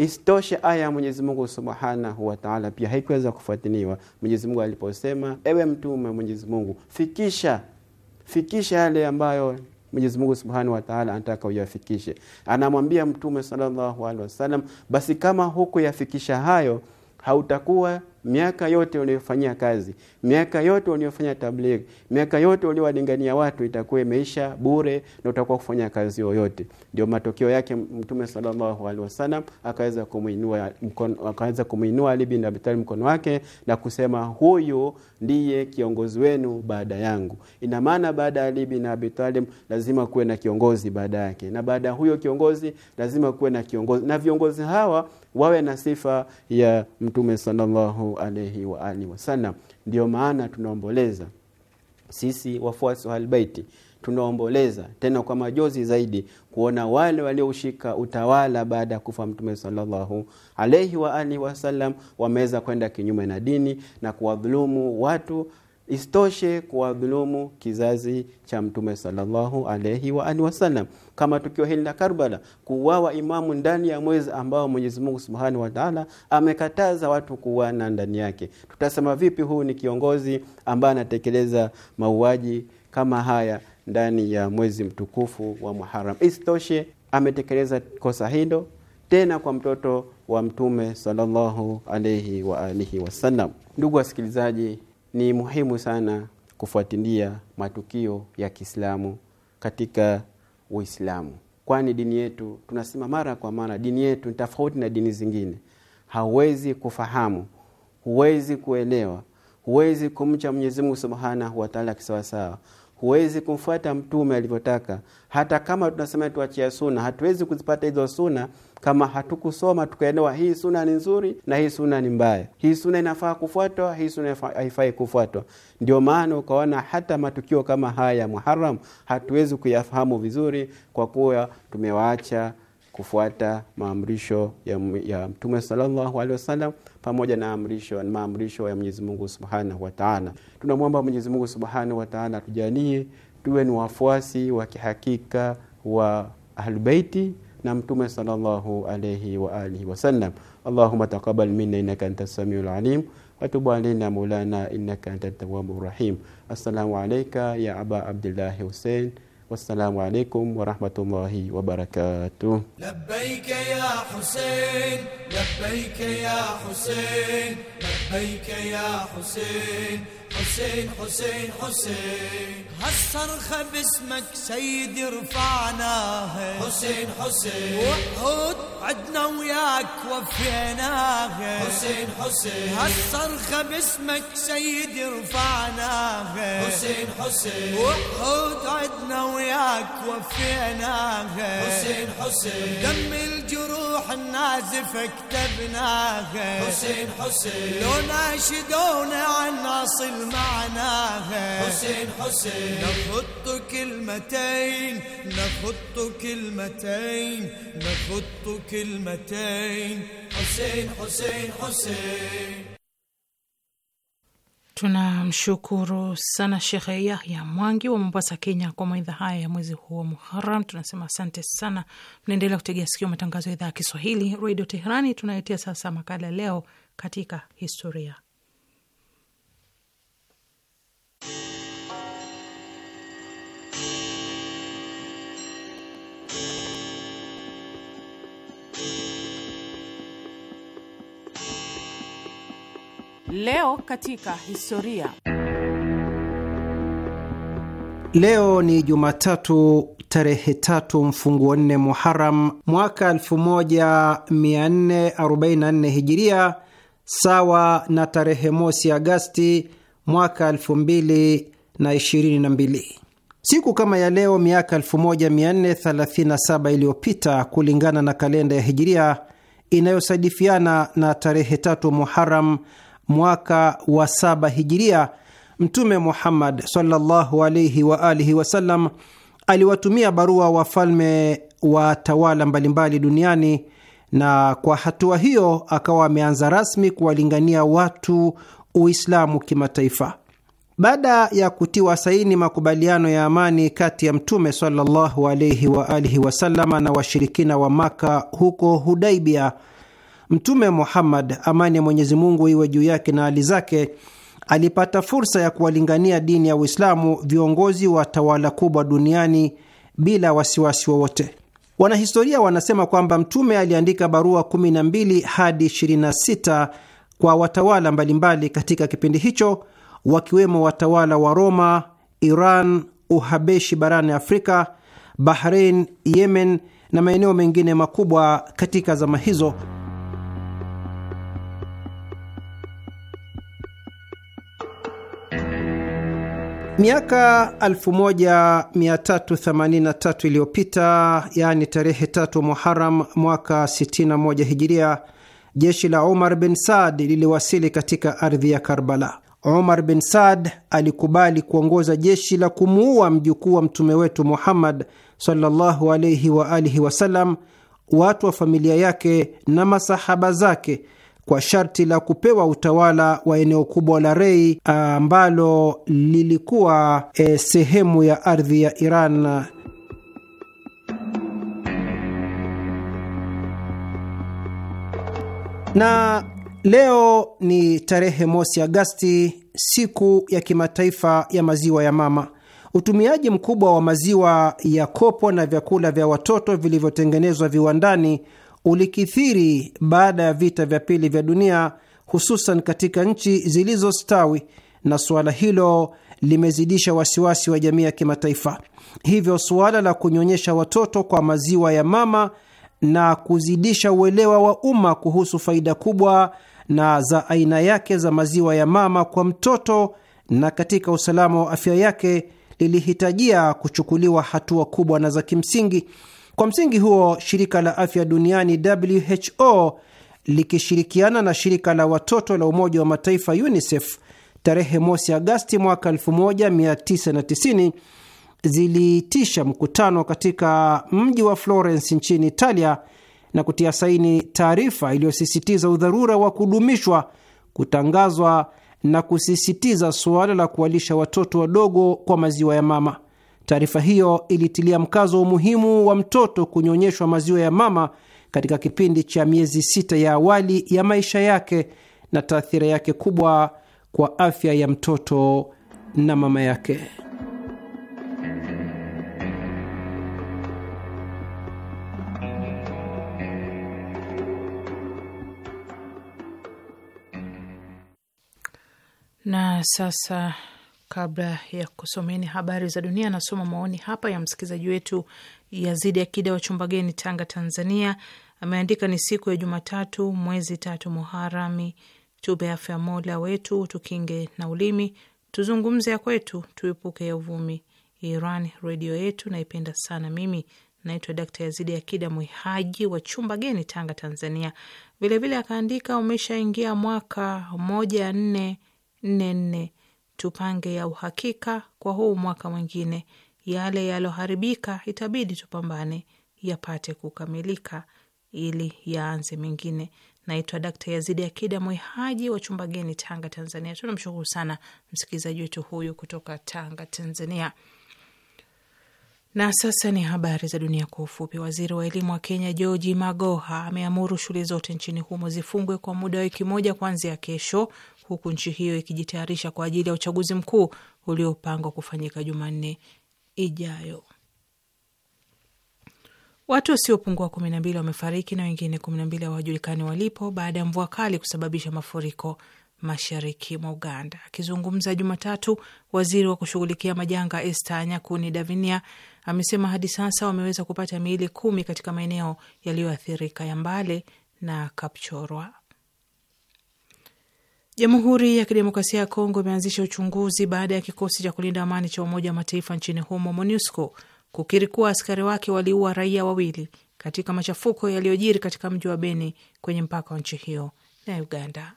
Isitoshe, aya ya Mwenyezi Mungu Subhanahu wa Ta'ala pia haikuweza kufuatiliwa. Mwenyezi Mungu aliposema, ewe mtume wa Mwenyezi Mungu, fikisha fikisha yale ambayo Mwenyezi Mungu Subhanahu wa Ta'ala anataka uyafikishe, anamwambia mtume sallallahu alaihi wasallam, basi kama huku yafikisha hayo hautakuwa miaka yote uliyofanyia kazi, miaka yote uliyofanya tablighi, miaka yote uliowadingania watu itakuwa imeisha bure na utakuwa kufanya kazi yoyote. Ndio matokeo yake Mtume sallallahu alaihi wasallam akaweza kumuinua mkono, akaweza kumuinua Ali bin Abi Talib mkono wake na kusema, huyu ndiye kiongozi wenu baada yangu. Ina maana baada ya Ali bin Abi Talib lazima kuwe na kiongozi baada yake, na baada ya huyo kiongozi lazima kuwe na kiongozi, na viongozi hawa wawe na sifa ya mtume sallallahu alayhi wa alihi wasallam ndio maana tunaomboleza sisi wafuasi wa albaiti tunaomboleza tena kwa majozi zaidi kuona wale walioushika utawala baada ya kufa mtume sallallahu alayhi wa alihi wasallam wameweza kwenda kinyume na dini na kuwadhulumu watu isitoshe kuwadhulumu kizazi cha mtume sallallahu alayhi wa alihi wasallam kama tukio hili la Karbala kuuawa imamu ndani ya mwezi ambao Mwenyezi Mungu Subhanahu wa Ta'ala amekataza watu kuuana ndani yake tutasema vipi huu ni kiongozi ambaye anatekeleza mauaji kama haya ndani ya mwezi mtukufu wa Muharram isitoshe ametekeleza kosa hilo tena kwa mtoto wa mtume sallallahu alayhi wa alihi wasallam ndugu wasikilizaji ni muhimu sana kufuatilia matukio ya Kiislamu katika Uislamu, kwani dini yetu tunasema mara kwa mara, dini yetu ni tofauti na dini zingine. Hauwezi kufahamu, huwezi kuelewa, huwezi kumcha Mwenyezi Mungu Subhanahu wa Ta'ala kisawasawa, huwezi kumfuata mtume alivyotaka. Hata kama tunasema tuachia suna, hatuwezi kuzipata hizo suna kama hatukusoma tukaelewa hii suna ni nzuri na hii suna ni mbaya, hii suna inafaa kufuatwa, hii suna haifai kufuatwa. Ndio maana ukaona hata matukio kama haya ya muharam hatuwezi kuyafahamu vizuri kwa kuwa tumewaacha kufuata maamrisho ya, ya Mtume sallallahu alehi wasallam pamoja na amrisho na maamrisho ya mwenyezimungu Subhanahu wataala Tunamwomba mwenyezimungu Subhanahu wataala Ta'ala tuwe ni wafuasi wa kihakika wa ahlubeiti na mtume sallallahu alayhi wa alihi wasallam allahumma taqabbal minna innaka antas samiul alim وتب علينا مولانا إنك أنت التواب الرحيم السلام عليك يا أبا عبد الله حسين والسلام عليكم ورحمة الله وبركاته لبيك يا حسين لبيك يا حسين لبيك يا حسين حسين حسين حسين هالصرخة باسمك سيدي رفعناها حسين حسين وحود عدنا وياك وفيناها حسين حسين هالصرخة باسمك سيدي رفعناها حسين حسين وحود عدنا وياك وفيناها حسين حسين دم الجروح النازفة كتبناها حسين حسين لو ناشدونا عن ناصي يصل معناها حسين حسين نخط كلمتين نخط كلمتين نخط كلمتين حسين حسين حسين Tunamshukuru sana Shekhe Yahya Mwangi wa Mombasa, Kenya, kwa maidha haya ya mwezi huu wa Muharam. Tunasema asante sana. Mnaendelea kutegea sikio matangazo ya idhaa ya Kiswahili, Redio Teherani. Tunayotia sasa makala Leo katika Historia. Leo katika historia. Leo ni Jumatatu tarehe tatu mfunguo nne Muharam mwaka 1444 hijiria sawa na tarehe mosi Agasti mwaka mbili. Siku kama ya leo miaka 1437 iliyopita kulingana na kalenda ya Hijiria inayosadifiana na tarehe tatu Muharam mwaka wa saba Hijiria, Mtume Muhammad sallallahu alaihi wa alihi wasallam aliwatumia barua wafalme wa tawala mbalimbali duniani, na kwa hatua hiyo akawa ameanza rasmi kuwalingania watu Uislamu kimataifa. Baada ya kutiwa saini makubaliano ya amani kati ya Mtume sallallahu alaihi wa alihi wasallama na washirikina wa Maka huko Hudaibia, Mtume Muhammad, amani ya Mwenyezi Mungu iwe juu yake na hali zake, alipata fursa ya kuwalingania dini ya Uislamu viongozi wa tawala kubwa duniani bila wasiwasi wowote. Wanahistoria wanasema kwamba Mtume aliandika barua 12 hadi 26 kwa watawala mbalimbali katika kipindi hicho, wakiwemo watawala wa Roma, Iran, Uhabeshi barani Afrika, Bahrein, Yemen na maeneo mengine makubwa katika zama hizo. Miaka 1383 iliyopita, yaani tarehe tatu Muharam mwaka 61 hijiria, jeshi la Omar bin Saad liliwasili katika ardhi ya Karbala. Omar bin Saad alikubali kuongoza jeshi la kumuua mjukuu wa mtume wetu Muhammad sallallahu alayhi wa alihi wasallam, watu wa familia yake na masahaba zake kwa sharti la kupewa utawala wa eneo kubwa la Rei ambalo lilikuwa e, sehemu ya ardhi ya Iran Na leo ni tarehe mosi Agasti, siku ya kimataifa ya maziwa ya mama. Utumiaji mkubwa wa maziwa ya kopo na vyakula vya watoto vilivyotengenezwa viwandani ulikithiri baada ya vita vya pili vya dunia, hususan katika nchi zilizostawi, na suala hilo limezidisha wasiwasi wa jamii ya kimataifa. Hivyo suala la kunyonyesha watoto kwa maziwa ya mama na kuzidisha uelewa wa umma kuhusu faida kubwa na za aina yake za maziwa ya mama kwa mtoto na katika usalama wa afya yake lilihitajia kuchukuliwa hatua kubwa na za kimsingi. Kwa msingi huo, shirika la afya duniani WHO likishirikiana na shirika la watoto la Umoja wa Mataifa UNICEF tarehe mosi Agasti mwaka 1990 ziliitisha mkutano katika mji wa Florence nchini Italia na kutia saini taarifa iliyosisitiza udharura wa kudumishwa, kutangazwa na kusisitiza suala la kuwalisha watoto wadogo kwa maziwa ya mama. Taarifa hiyo ilitilia mkazo umuhimu wa mtoto kunyonyeshwa maziwa ya mama katika kipindi cha miezi sita ya awali ya maisha yake na taathira yake kubwa kwa afya ya mtoto na mama yake. Na sasa kabla ya kusomeni habari za dunia, anasoma maoni hapa ya msikilizaji wetu Yazidi Akida wa Chumbageni, Tanga, Tanzania. Ameandika ni siku ya Jumatatu, mwezi tatu Muharami. Tupe afya Mola wetu, tukinge na ulimi, tuzungumze ya kwetu, tuepuke ya uvumi. Iran redio yetu naipenda sana. Mimi naitwa Dkt Yazidi Akida Mwihaji wa chumba geni Tanga, Tanzania. Vilevile akaandika umeshaingia mwaka moja nne nne nne. Tupange ya uhakika kwa huu mwaka mwingine, yale yaloharibika itabidi tupambane yapate kukamilika ili yaanze mengine. Naitwa Dakta Yazidi Akida mwehaji wa chumba geni, Tanga, Tanzania. Tunamshukuru sana msikilizaji wetu huyu kutoka Tanga, Tanzania. Na sasa ni habari za dunia kwa ufupi. Waziri wa elimu wa Kenya George Magoha ameamuru shule zote nchini humo zifungwe kwa muda wa wiki moja kuanzia kesho, huku nchi hiyo ikijitayarisha kwa ajili ya uchaguzi mkuu uliopangwa kufanyika Jumanne ijayo. Watu wasiopungua kumi na mbili wamefariki na wengine kumi na mbili hawajulikani walipo baada ya mvua kali kusababisha mafuriko mashariki mwa Uganda. Akizungumza Jumatatu, waziri wa kushughulikia majanga Esther Nyakuni Davinia amesema hadi sasa wameweza kupata miili kumi katika maeneo yaliyoathirika ya Mbale na Kapchorwa. Jamhuri ya Kidemokrasia ya Kongo imeanzisha uchunguzi baada ya kikosi cha kulinda amani cha Umoja wa Mataifa nchini humo MONUSCO kukiri kuwa askari wake waliua raia wawili katika machafuko yaliyojiri katika mji wa Beni kwenye mpaka wa nchi hiyo na Uganda.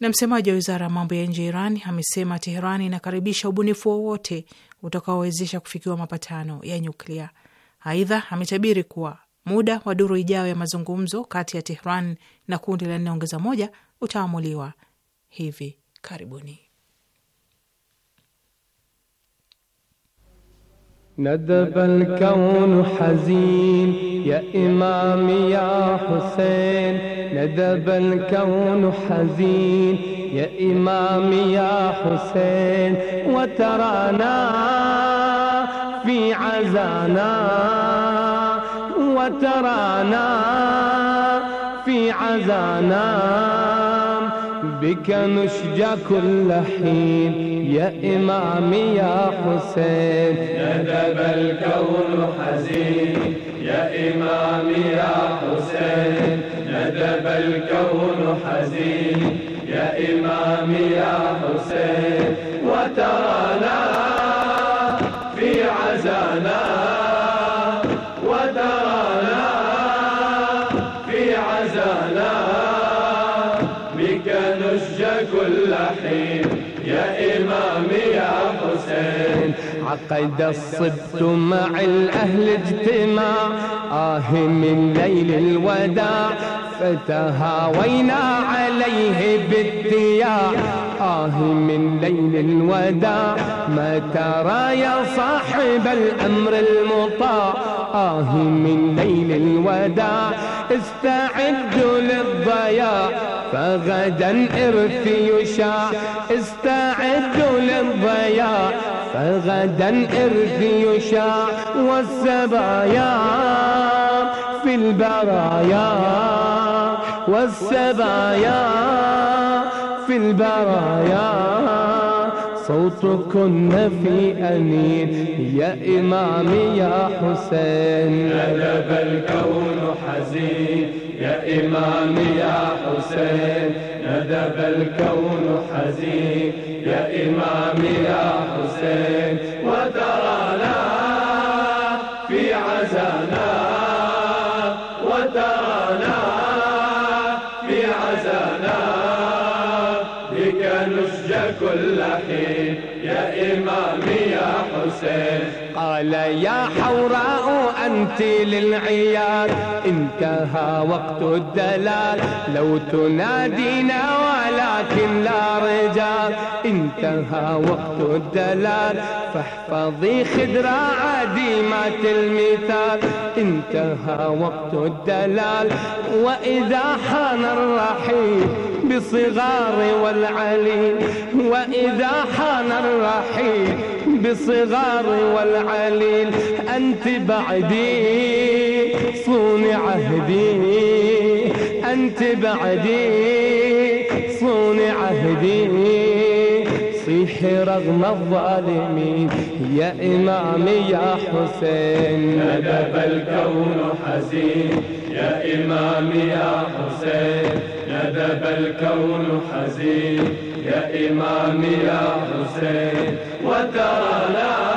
Na msemaji wa wizara ya mambo ya nje ya Iran amesema Teheran inakaribisha ubunifu wowote utakaowezesha kufikiwa mapatano ya nyuklia. Aidha, ametabiri kuwa muda wa duru ijayo ya mazungumzo kati ya Tehran na kundi la nne ongeza moja utaamuliwa hivi karibuni. ندب الكون حزين يا إمام يا حسين ندب الكون حزين يا إمام يا حسين وترانا في عزانا وترانا في عزانا بك نشجع كل حين يا إمام يا حسين ندب الكون حزين يا إمام يا حسين ندب الكون حزين يا إمام يا حسين وترى عقد الصبت مع الأهل اجتماع آه من ليل الوداع فتهاوينا عليه بالدياع آه من ليل الوداع ما ترى يا صاحب الأمر المطاع آه من ليل الوداع استعدوا للضياع فغدا إرث يشاع استعدوا للضياع غدا إرث يشاع والسبايا في البرايا والسبايا في البرايا صوتكن في أنين يا إمام يا حسين ندب الكون حزين يا إمام يا حسين ندب الكون حزين يا إمام يا حسين ودرى نسج كل حين يا إمام يا حسين قال يا حوراء أنت للعيار انتهى وقت الدلال لو تنادينا ولكن لا رجال انتهى وقت الدلال فاحفظي خدرة عديمة المثال انتهى وقت الدلال وإذا حان الرحيل بصغار والعلي وإذا حان الرحيل بصغار والعليل أنت بعدي صون عهدي أنت بعدي صون عهدي صيحي رغم الظالمين يا إمامي يا حسين ندب الكون حزين يا إمامي يا حسين ندب الكون حزين يا إمام يا حسين وترانا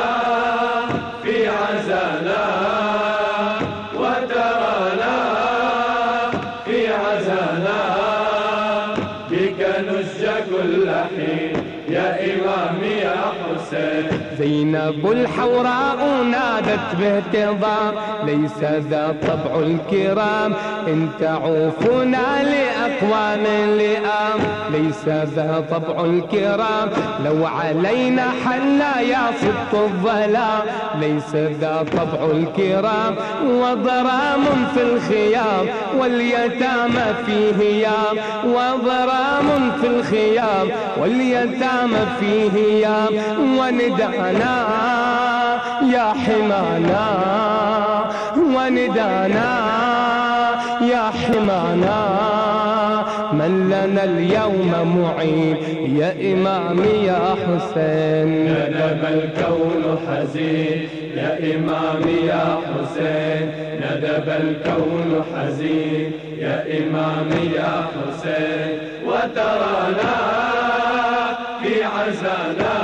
زينب الحوراء نادت باهتضام ليس ذا طبع الكرام ان تعوفنا لأقوام لئام ليس ذا طبع الكرام لو علينا حلا يا صبط الظلام ليس ذا طبع الكرام وضرام في الخيام واليتامى في هيام وضرام في الخيام واليتامى في هيام وندعنا يا حمانا وندانا يا حمانا من لنا اليوم معين يا إمامي يا حسين ندب الكون حزين يا إمامي يا حسين ندب الكون حزين يا إمامي يا حسين وترانا في عزانا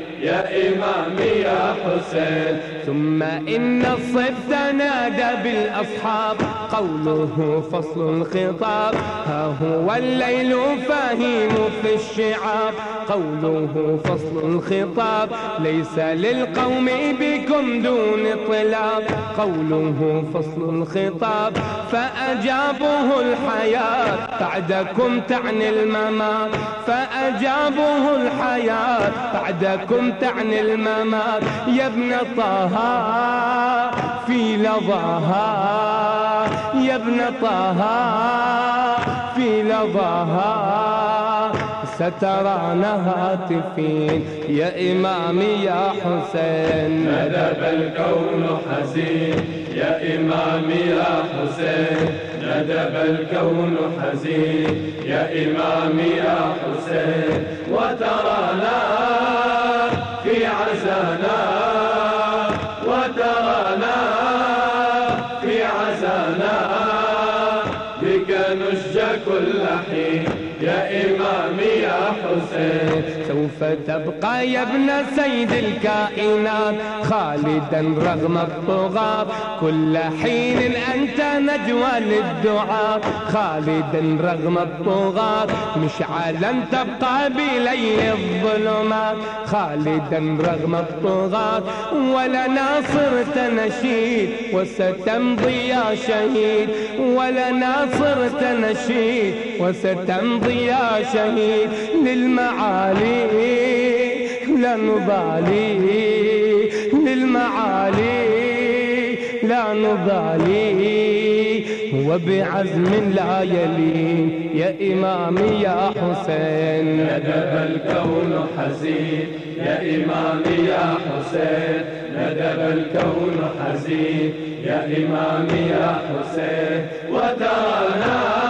you. يا إمام يا حسين ثم إن الصف تنادى بالأصحاب قوله فصل الخطاب ها هو الليل فهيم في الشعاب قوله فصل الخطاب ليس للقوم بكم دون طلاب قوله فصل الخطاب فأجابه الحياة بعدكم تعني الممات فأجابه الحياة بعدكم تعنى الممات يا ابن طه في لظاها يا ابن طه في لظاها سترانا هاتفين يا إمامي يا حسين ندب الكون حزين يا إمامي يا حسين ندب الكون حزين يا إمامي يا حسين وترانا وتبقى يا ابن سيد الكائنات خالدا رغم الطغاة كل حين أنت نجوى للدعاء خالدا رغم الطغاة مشعلا تبقى بليل الظلمات خالدا رغم الطغاة ولنا صرت نشيد وستمضي يا شهيد ولنا صرت نشيد وستمضي يا شهيد للمعالي لا نبالي للمعالي لا نبالي وبعزم لا يلين يا إمامي يا حسين ندب الكون حزين يا إمامي يا حسين ندب الكون حزين يا إمامي يا حسين ودانا